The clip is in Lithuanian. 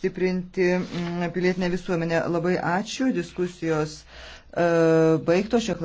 stiprinti mm, pilietinę visuomenę. Labai ačiū, diskusijos e, baigto šio klausimo.